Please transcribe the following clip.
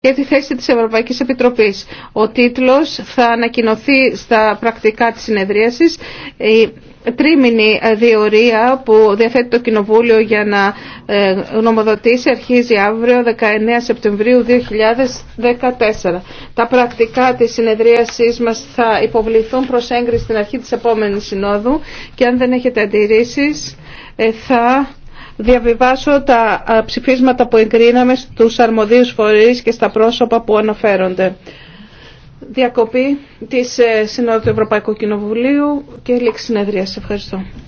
και τη θέση της Ευρωπαϊκής Επιτροπής. Ο τίτλος θα ανακοινωθεί στα πρακτικά της συνεδρίασης. Η τρίμηνη διορία που διαθέτει το Κοινοβούλιο για να ε, γνωμοδοτήσει αρχίζει αύριο 19 Σεπτεμβρίου 2014. Τα πρακτικά της συνεδρίασής μας θα υποβληθούν προς έγκριση στην αρχή της επόμενης συνόδου και αν δεν έχετε αντιρρήσεις ε, θα διαβιβάσω τα ψηφίσματα που εγκρίναμε στους αρμοδίους φορείς και στα πρόσωπα που αναφέρονται. Διακοπή της ε, Συνόδου του Ευρωπαϊκού Κοινοβουλίου και λήξη συνεδρίας. Ευχαριστώ.